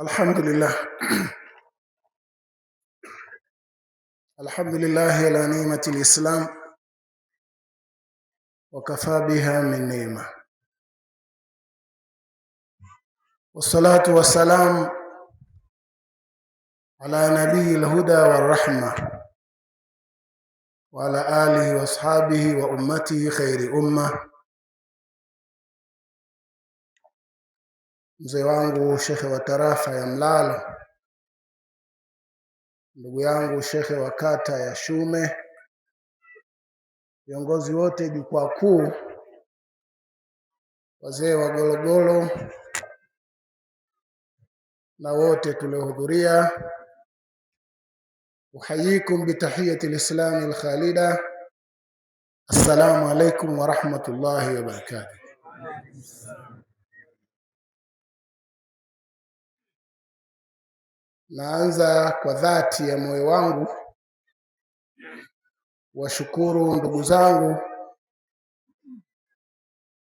الحمد لله الحمد لله على نعمة الإسلام وكفى بها من نعمة والصلاة والسلام على نبي الهدى والرحمة وعلى آله وأصحابه وأمته خير أمة mzee wangu shekhe wa tarafa ya Mlalo, ndugu yangu shekhe wa kata ya Shume, viongozi wote jukwaa kuu, wazee wa Gologolo na wote tuliohudhuria. Uhayikum bitahiyati lislami lkhalida. Assalamu alaikum warahmatullahi wabarakatuh. Naanza kwa dhati ya moyo wangu washukuru ndugu zangu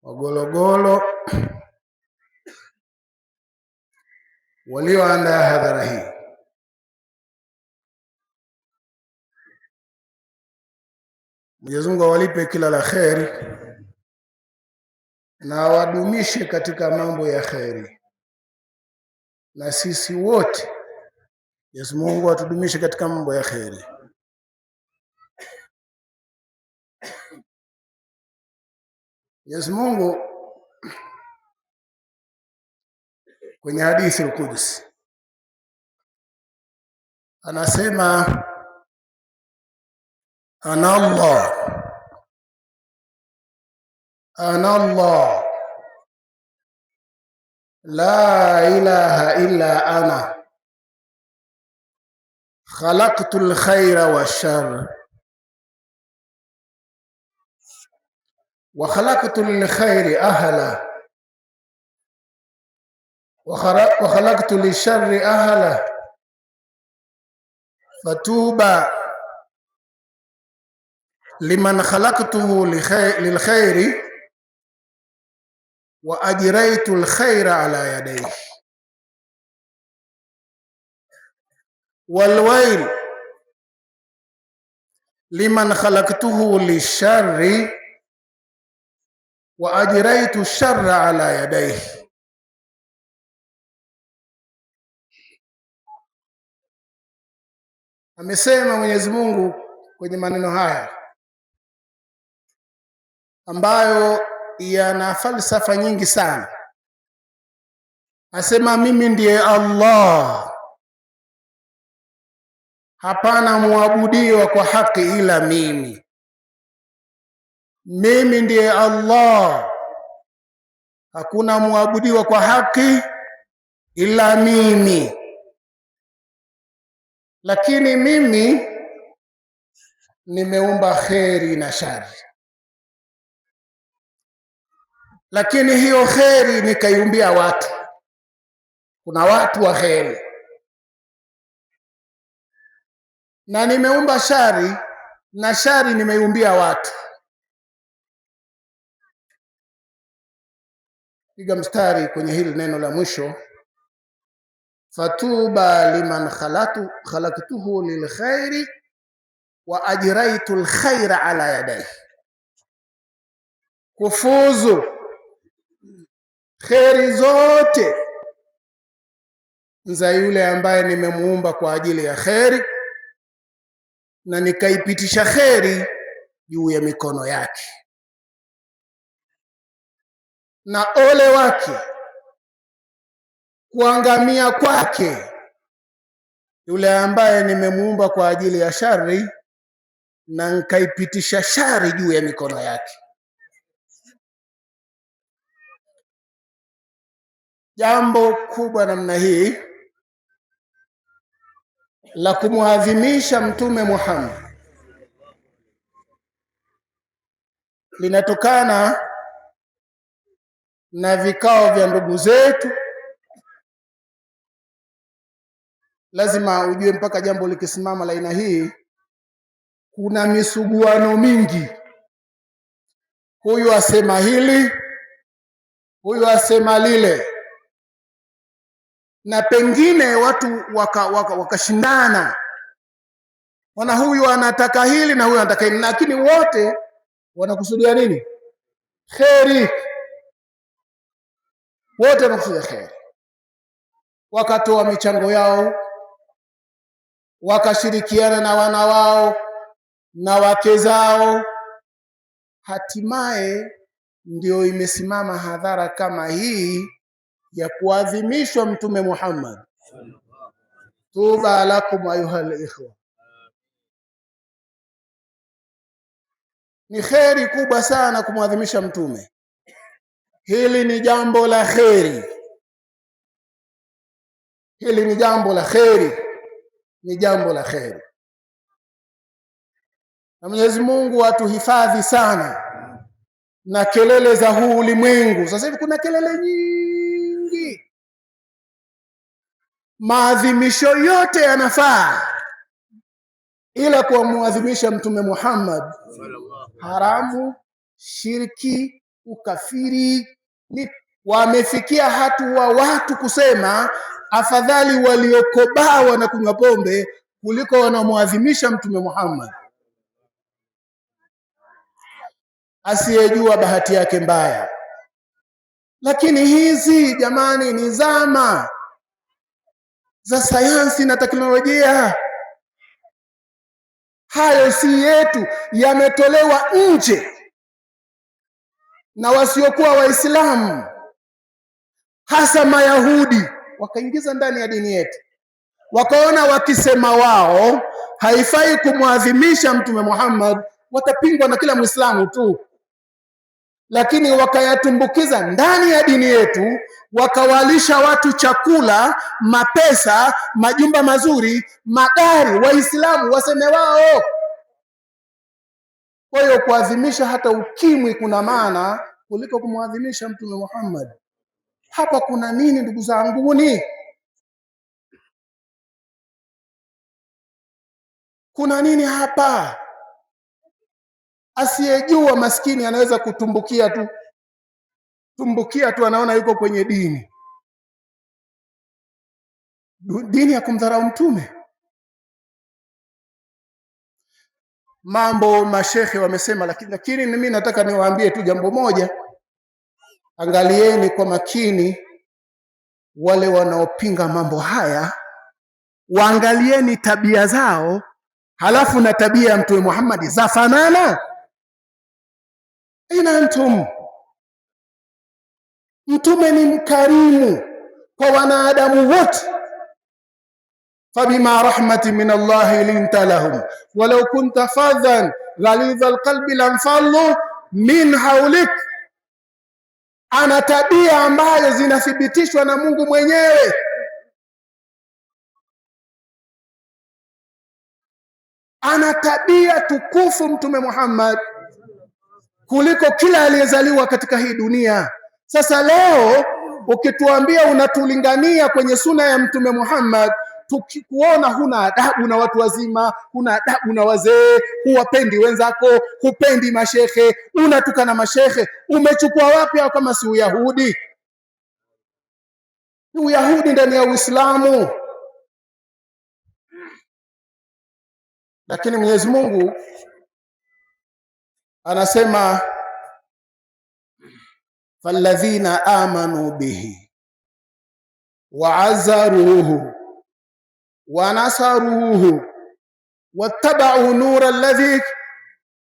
Wagologolo walioandaa hadhara hii. Mwenyezi Mungu awalipe kila la kheri na awadumishe katika mambo ya kheri, na sisi wote Yesu Mungu atudumishe katika mambo ya kheri. Yesu Mungu kwenye hadithi al-Qudsi anasema ana Allah ana Allah la ilaha illa ana خلقت الخير والشر وخلقت للخير أهلا وخلقت للشر أهلا فتوبى لمن خلقته للخير وأجريت الخير على يديه walwail liman khalaktuhu lishari wa ajraitu shara ala yadaihi. Amesema Mwenyezi Mungu kwenye maneno haya ambayo yana falsafa nyingi sana. Asema mimi ndiye Allah hapana muabudiwa kwa haki ila mimi. Mimi ndiye Allah, hakuna muabudiwa kwa haki ila mimi. Lakini mimi nimeumba kheri na shari, lakini hiyo kheri nikaiumbia watu. Kuna watu wa kheri na nimeumba shari na shari nimeumbia watu. Piga mstari kwenye hili neno la mwisho, fatuba liman khalatu khalaktuhu lilkhairi wa ajraitu lkhaira ala yadai, kufuzu kheri zote za yule ambaye nimemuumba kwa ajili ya kheri na nikaipitisha kheri juu ya mikono yake, na ole wake kuangamia kwake yule ambaye nimemuumba kwa ajili ya shari na nkaipitisha shari juu ya mikono yake. Jambo kubwa namna hii la kumwadhimisha Mtume Muhammad linatokana na vikao vya ndugu zetu. Lazima ujue mpaka jambo likisimama la aina hii, kuna misuguano mingi. Huyu asema hili, huyu asema lile na pengine watu wakashindana, waka, waka wana huyu anataka hili na huyu anataka hili, lakini wote wanakusudia nini? Kheri, wote wanakusudia kheri, wakatoa michango yao, wakashirikiana na wana wao na wake zao, hatimaye ndio imesimama hadhara kama hii ya kuadhimishwa Mtume Muhammad. Tuba lakum ayuha likhwa, ni kheri kubwa sana kumwadhimisha Mtume. Hili ni jambo la kheri, hili ni jambo la kheri, ni jambo la kheri, na Mwenyezi Mungu atuhifadhi sana na kelele za huu ulimwengu. Sasa hivi kuna kelele nyingi msingi. Maadhimisho yote yanafaa, ila kwa muadhimisha Mtume Muhammad haramu, shirki, ukafiri ni wamefikia hatua wa watu kusema afadhali waliokobaa kunywa pombe kuliko wanaomwadhimisha Mtume Muhammad. Asiyejua bahati yake mbaya. Lakini hizi jamani, ni zama za sayansi na teknolojia. Hayo si yetu, yametolewa nje na wasiokuwa Waislamu, hasa Mayahudi, wakaingiza ndani ya dini yetu, wakaona wakisema wao haifai kumwadhimisha Mtume Muhammad watapingwa na kila Mwislamu tu lakini wakayatumbukiza ndani ya dini yetu, wakawalisha watu chakula, mapesa, majumba mazuri, magari, Waislamu waseme wao. Kwa hiyo kuadhimisha hata ukimwi kuna maana kuliko kumwadhimisha Mtume Muhammad. Hapa kuna nini, ndugu zanguni? Kuna nini hapa? Asiyejua maskini anaweza kutumbukia tu, tumbukia tu, anaona yuko kwenye dini, dini ya kumdharau Mtume. Mambo mashehe wamesema, lakini lakini mimi nataka niwaambie tu jambo moja, angalieni kwa makini wale wanaopinga mambo haya, waangalieni tabia zao, halafu na tabia ya Mtume Muhammad zafanana ina antum, Mtume ni mkarimu kwa wanadamu wote. Fabima rahmatin min Allahi linta lahum walau kunta fadhan ghalidha alqalbi lanfallu min haulik. Ana tabia ambazo zinathibitishwa na Mungu mwenyewe. Ana tabia tukufu Mtume Muhammad kuliko kila aliyezaliwa katika hii dunia. Sasa leo ukituambia unatulingania kwenye suna ya Mtume Muhammad, tukikuona huna adabu na watu wazima, huna adabu na wazee, huwapendi wenzako, hupendi mashehe, unatukana mashehe, umechukua wapi hao kama si Uyahudi? Ni Uyahudi ndani ya Uislamu. Lakini Mwenyezi Mungu anasema falladhina amanu bihi waazaruhu wanasaruhu wattabau nura alladhi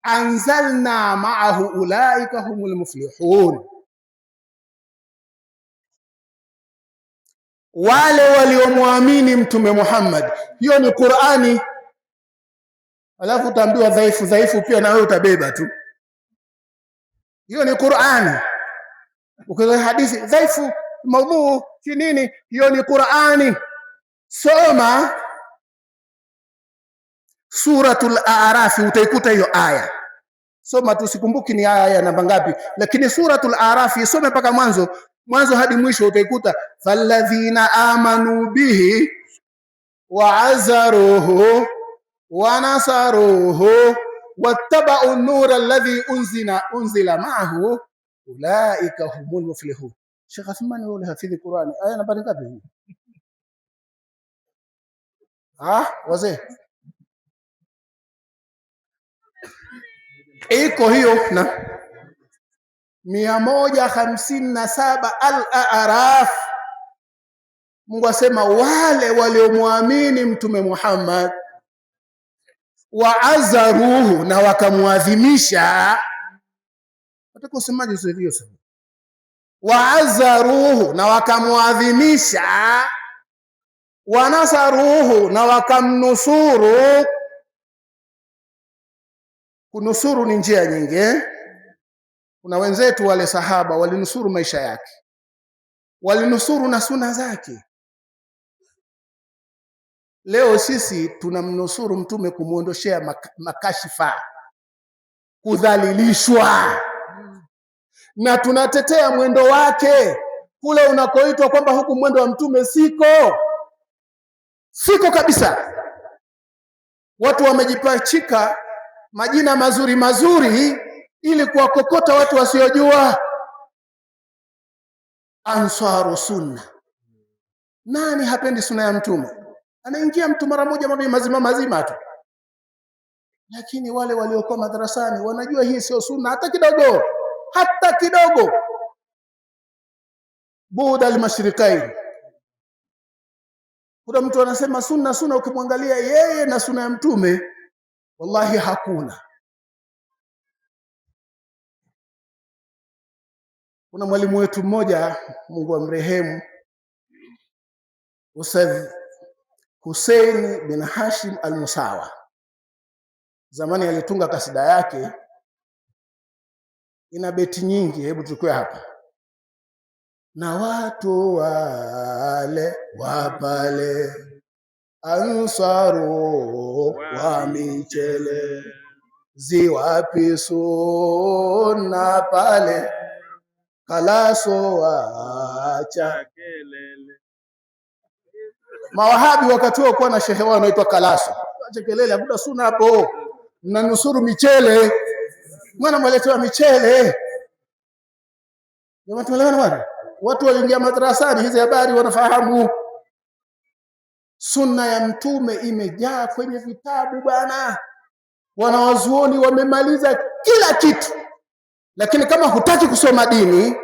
anzalna maahu ulaika humul muflihun, wale waliomwamini Mtume Muhammad. Hiyo ni Qur'ani, alafu utaambiwa dhaifu dhaifu, pia na wewe utabeba tu hiyo ni Qur'ani. Ukiona hadithi dhaifu, maudhuu si nini, hiyo ni Qur'ani. Soma Suratul A'raf utaikuta hiyo aya. Soma tu, sikumbuki ni aya ya namba ngapi, lakini Suratul A'raf isome mpaka mwanzo mwanzo hadi mwisho utaikuta falladhina amanu bihi wa azaruhu wa nasaruhu wattabau nura alladhi unzila, unzila maahu ulaika humul muflihun. Sheikh Athmani wewe ulihafidhi Qurani aya nambari ngapi hii? Ah, wazee iko hiyo na mia moja hamsini na saba Al-Araf. Mungu asema wale waliomwamini Mtume Muhammad waazaruhu na wakamuadhimisha. Nataka usemaje hiyo sasa? Waazaruhu na wakamuadhimisha, wanasaruhu na wakamnusuru. Kunusuru ni njia nyingi. Eh? Kuna wenzetu wale sahaba walinusuru maisha yake, walinusuru na suna zake Leo sisi tunamnusuru mtume kumwondoshea mak makashifa, kudhalilishwa hmm. na tunatetea mwendo wake kule unakoitwa kwamba huku mwendo wa mtume siko siko kabisa. Watu wamejipachika majina mazuri mazuri ili kuwakokota watu wasiojua Ansaru Sunna. Nani hapendi sunna ya mtume? anaingia mtu mara moja mara mazima mazima tu. Lakini wale waliokuwa madarasani wanajua hii sio sunna hata kidogo, hata kidogo. Buda almashriqain, kuna mtu anasema sunna sunna, ukimwangalia yeye na sunna ya Mtume wallahi hakuna. Kuna mwalimu wetu mmoja, Mungu amrehemu, Ustadh Hussein bin Hashim al-Musawa zamani alitunga kasida yake, ina beti nyingi. Hebu tukue hapa na watu wale wapale ansaru wa michele ziwapisu na pale kalaso wa chakele Mawahabi wakati huo kuwa na shehe wao anaitwa Kalasu. Acha kelele, hakuna suna hapo. Mnanusuru michele, mwana mwaletewa michele. Watu waliingia madrasani, hizi habari wanafahamu. Sunna ya mtume imejaa kwenye vitabu bwana. Wanawazuoni wamemaliza kila kitu, lakini kama hutaki kusoma dini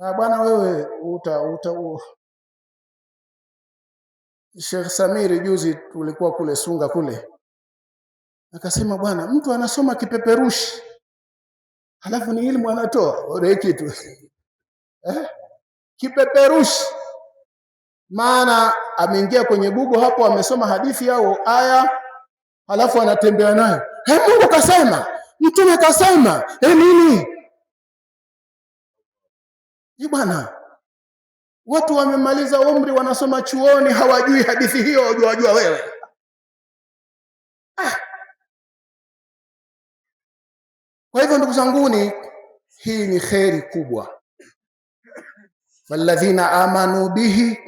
ah, bwana, wewe uta, uta, Sheikh Samiri juzi tulikuwa kule Sunga kule, akasema bwana, mtu anasoma kipeperushi halafu ni ilmu anatoa ore kitu eh? Kipeperushi maana ameingia kwenye Google hapo, amesoma hadithi au aya, halafu anatembea nayo, He, eh, Mungu kasema, mtume kasema, he eh, nini? Ni bwana Watu wamemaliza umri wanasoma chuoni hawajui hadithi hiyo, wajuajua wewe ah. Kwa hivyo ndugu zanguni, hii ni kheri kubwa. Walladhina amanu bihi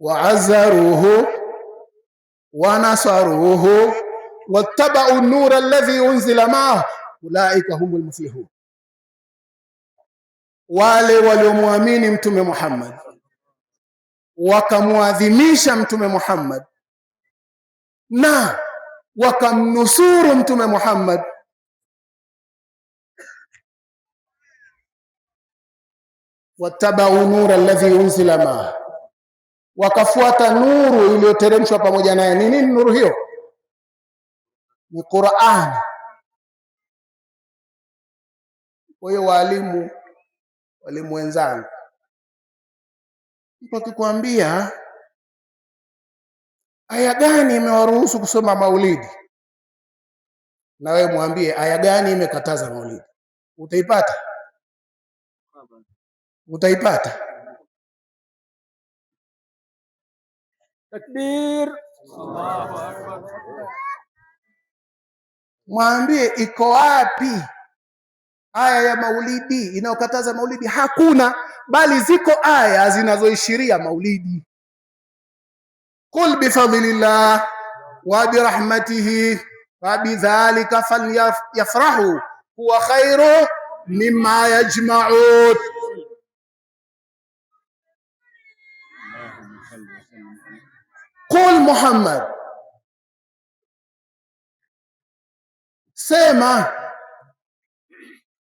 wa wanasaruhu wattabau nura alladhi unzila maahu ulaika humul muflihun wale waliomwamini Mtume Muhammad wakamwadhimisha Mtume Muhammad na wakamnusuru Mtume Muhammad watabau nura alladhi unzila ma, wakafuata nuru iliyoteremshwa pamoja naye. Ni nini nuru hiyo? Ni Qur'an. Kwa hiyo waalimu walimu wenzangu, mtu akikwambia aya gani imewaruhusu kusoma maulidi, na wewe mwambie aya gani imekataza maulidi, utaipata utaipata. Takbir! Mwambie iko wapi aya ya maulidi inayokataza maulidi hakuna, bali ziko aya zinazoishiria maulidi. Qul bifadlillah wa birahmatihi wa bidhalika falyafrahu huwa khairu mimma yajmaun. Qul Muhammad, sema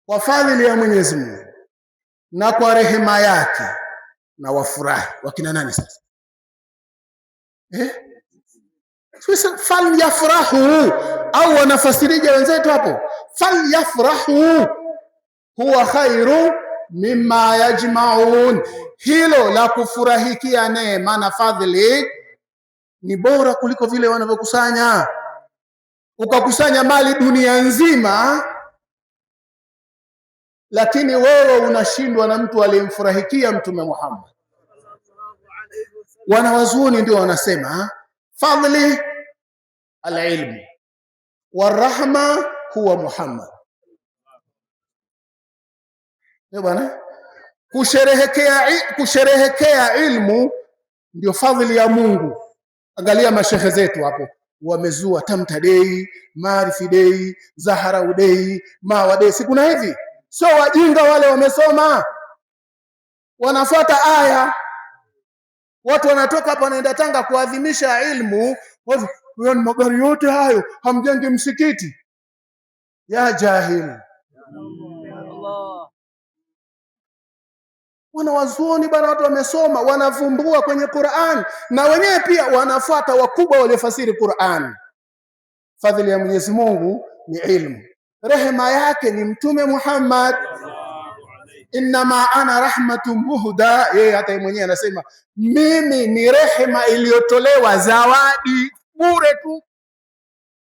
kwa fadhili ya Mwenyezi Mungu na kwa rehema yake na wafurahi. Wakina nani sasa eh? Fal yafrahu au wanafasirija wenzetu hapo, fal yafrahu huwa khairu mimma yajmaun, hilo la kufurahikia neema na fadhili ni bora kuliko vile wanavyokusanya. Ukakusanya mali dunia nzima lakini wewe unashindwa na mtu aliyemfurahikia Mtume Muhammad. Wanawazuoni ndio wanasema fadli alilmu warahma huwa Muhammad. Ndio bwana, kusherehekea kusherehekea ilmu ndio fadhili ya Mungu. Angalia mashehe zetu hapo wamezua Tamta Dei, Maarifi Dei, Zaharau Dei, Mawa Dei, hivi Sio wajinga wale, wamesoma wanafuata aya. Watu wanatoka hapa wanaenda Tanga kuadhimisha ilmu, ni magari yote hayo hamjengi msikiti. Ya jahili, wana wazuoni bana, watu wamesoma, wanavumbua kwenye Qur'an, na wenyewe pia wanafuata wakubwa waliofasiri Qur'an. Fadhili ya Mwenyezi Mungu ni ilmu rehema yake ni Mtume Muhammad, innama ana rahmatu muhda. Yeye hata yeye mwenyewe anasema mimi ni rehema iliyotolewa zawadi bure tu,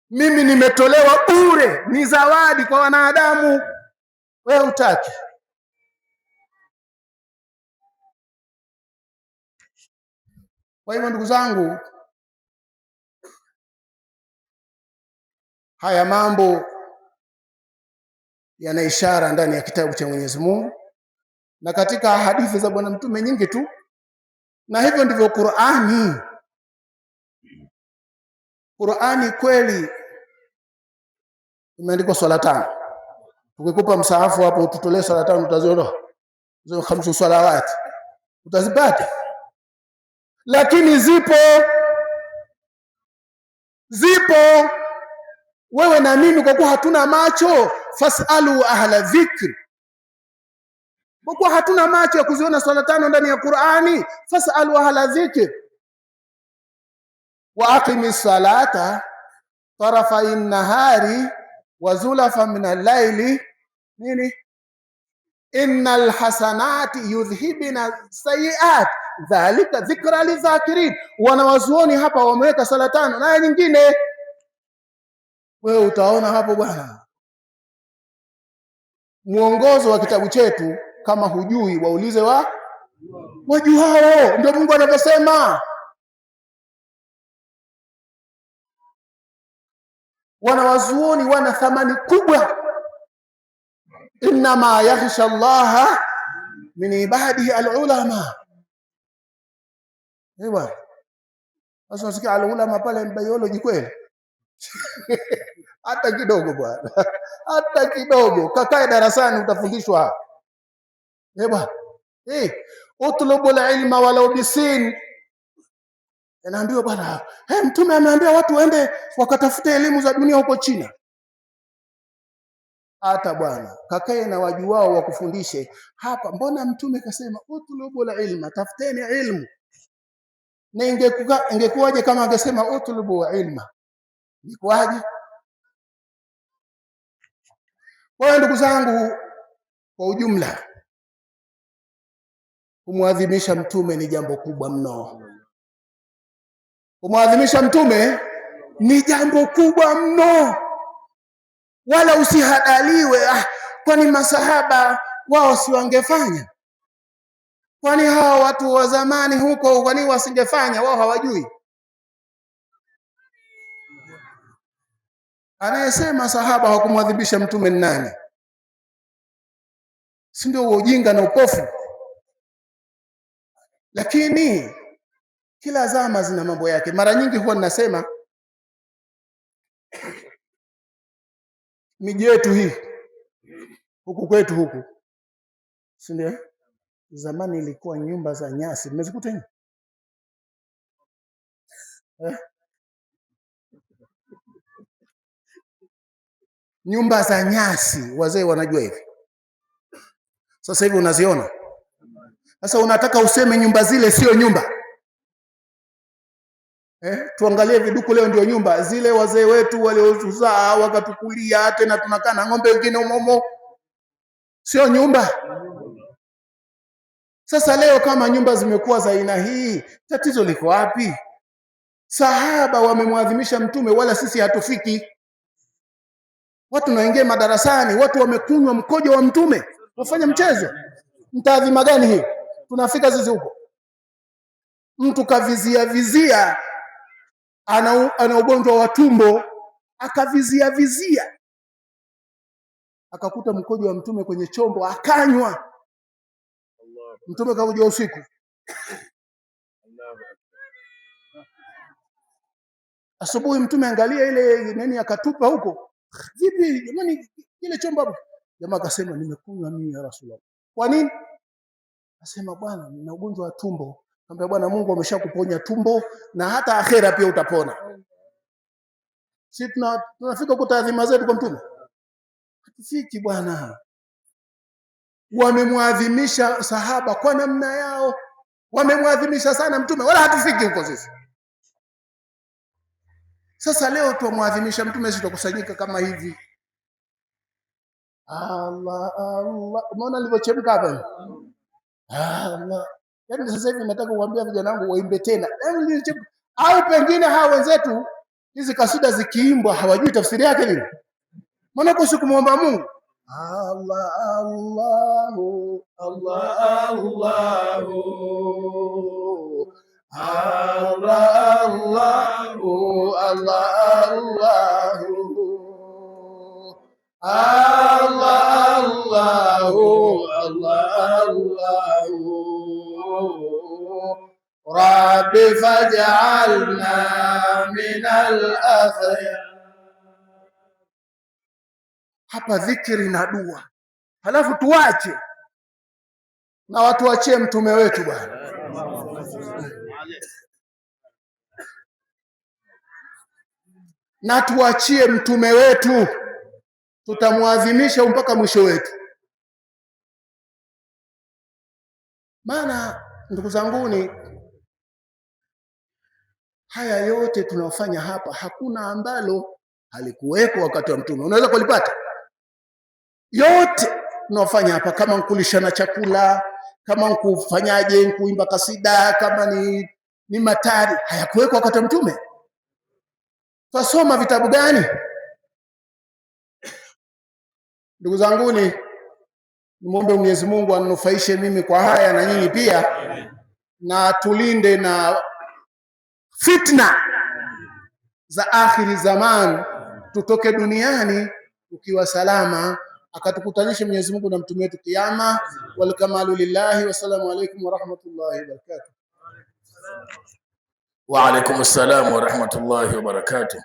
mimi nimetolewa bure, ni zawadi kwa wanadamu. Wewe utaki Kwa hivyo ndugu zangu, haya mambo yana ishara ndani ya kitabu cha Mwenyezi Mungu na katika hadithi za Bwana Mtume nyingi tu, na hivyo ndivyo Qur'ani. Qur'ani kweli imeandikwa swala tano. Ukikupa msahafu hapo ututolee swala tano, utaziondoa hizo hamsu salawat utazipata, lakini zipo zipo, wewe na mimi, kwa kuwa hatuna macho fasalu ahla dhikri, kwa kuwa hatuna macho ya kuziona swala tano ndani ya Qur'ani. Fasalu ahla dhikri wa aqimi salata tarafa nahari wa zulafa min al nini innal hasanati yudhhibina sayiat dhalika dhikra lidhakirin. Wanawazuoni hapa wameweka salatano tano na nyingine, wewe utaona hapo bwana mwongozo wa kitabu chetu. Kama hujui waulize wa wajuao, ndio Mungu anavyosema. Wanawazuoni wana thamani kubwa, innama yakhsha llaha min ibadihi alulama. Sasa nasikia alulama pale biology kweli hata kidogo bwana, hata kidogo. Kakae darasani utafundishwa eh bwana eh, utlubu alilma walau bisin. Inaambiwa bwana, eh, mtume ameambia watu waende wakatafute elimu za dunia huko China. Hata bwana, kakae na waju wao wakufundishe hapa. Mbona mtume kasema utlubu alilma, tafuteni ilmu? Na ingekuwaje kama angesema utlubu ilma, ingekuwaje? Kwa hiyo ndugu zangu, kwa ujumla, kumwadhimisha mtume ni jambo kubwa mno. Kumwadhimisha mtume ni jambo kubwa mno, wala usihadaliwe, ah, kwani masahaba wao si wangefanya? Kwani hawa watu wa zamani huko, kwani wasingefanya? Wao hawajui? Anayesema sahaba hakumwadhibisha mtume ni nani? Si ndio huo ujinga na upofu? Lakini kila zama zina mambo yake. Mara nyingi huwa ninasema miji yetu hii huku kwetu huku, si ndio? Zamani ilikuwa nyumba za nyasi, mmezikuta eh? nyumba za nyasi, wazee wanajua hivi. Sasa hivi unaziona. Sasa unataka useme nyumba zile sio nyumba eh? Tuangalie viduku leo ndio nyumba zile, wazee wetu waliotuzaa wakatukulia, tena tunakaa na ng'ombe wengine umomo, sio nyumba. Sasa leo kama nyumba zimekuwa za aina hii, tatizo liko wapi? Sahaba wamemwadhimisha Mtume, wala sisi hatufiki. Watu naingia madarasani, watu wamekunywa mkojo wa Mtume, wafanya mchezo. Mtaadhima gani hii? Tunafika zizi huko, mtu kavizia vizia, ana ana ugonjwa wa tumbo, akavizia vizia, akakuta mkojo wa Mtume kwenye chombo, akanywa. Mtume kakuja usiku asubuhi, Mtume angalia ile nini, akatupa huko vipi Nani kile chombo hapo. Jamaa akasema nimekunywa mimi ya Rasulullah. Kwa nini? Akasema bwana, nina ugonjwa wa tumbo. Kaambia bwana, Mungu ameshakuponya tumbo na hata akhera pia utapona. Sisi tuna tunafika kwa taadhima zetu kwa Mtume hatufiki bwana. Wamemwadhimisha sahaba kwa namna yao, wamemwadhimisha sana Mtume, wala hatufiki huko sisi. Sasa leo twamwadhimisha mtume, sisi tukusanyika kama hivi. Allah Allah, umeona alivyochemka hapa. Allah, yaani sasa hivi nataka kuambia vijana wangu waimbe tena, yaani au pengine hawa wenzetu hizi kasida zikiimbwa hawajui tafsiri yake nini, kwa siku muomba Mungu Allah Allahu, Allah Allahu. Allah Allah, Allah Allah, Allah Allah, Allah Allah, Rabbi faj'alna min al hapa dhikri na dua, halafu tuache na watu watuachie mtume wetu bwana na tuachie mtume wetu, tutamwadhimisha mpaka mwisho wetu. Maana ndugu zanguni, haya yote tunaofanya hapa, hakuna ambalo halikuweko wakati wa mtume. Unaweza kulipata yote tunaofanya hapa, kama nkulishana chakula kama nkufanyaje, nkuimba kasida, kama ni, ni matari, hayakuwekwa wakati Mtume? Twasoma vitabu gani? Ndugu zanguni, nimwombe Mwenyezi Mungu anufaishe mimi kwa haya na nyinyi pia, na tulinde na fitna za akhiri zaman, tutoke duniani tukiwa salama akatukutanisha Mwenyezi Mungu na mtume wetu kiyama. Walkamalu lillahi. Wassalamu alaikum warahmatullahi wabarakatuh. waalaikum alaikum salam warahmatullahi wabarakatuh.